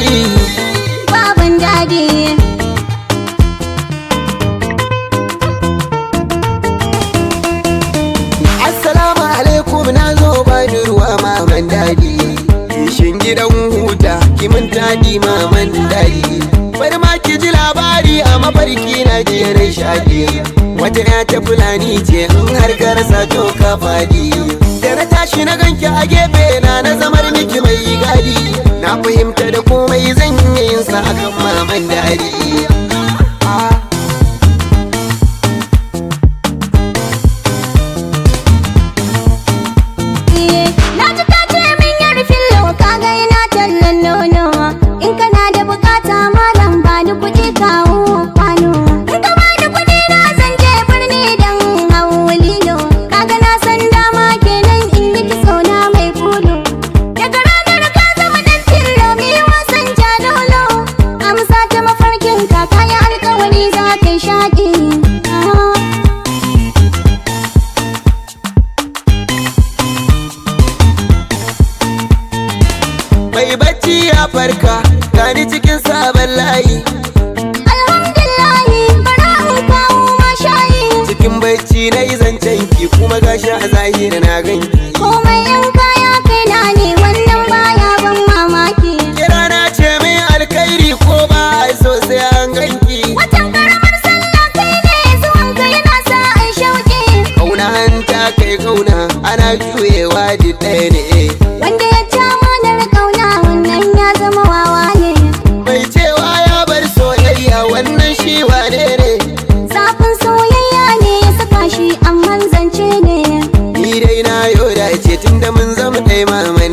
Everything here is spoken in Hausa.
daɗi baban daɗi assalamu alaikum na zo ba ruwa maman daɗi kishin gidan huta kimin daɗi maman daɗi bari ma ki ji labari a mafarki na jiya na shaɗi wata ya ta fulani ce in har ka to ka faɗi da na tashi na ganki a gefe na na zama komai zan yi yin sa akan maman dadi ta shaƙi Mai bacci ya farka gani cikin sabon layi Alhamdulillahi bara mu kawo mashayi Cikin bacci na yi zancen ki kuma gashi a zahiri na ganki Komai yanka ya kai na ne shi wane ne zafin soyayya ne ya saka shi amman zance ne ni dai na yau da ce tunda mun zama ɗaya mamani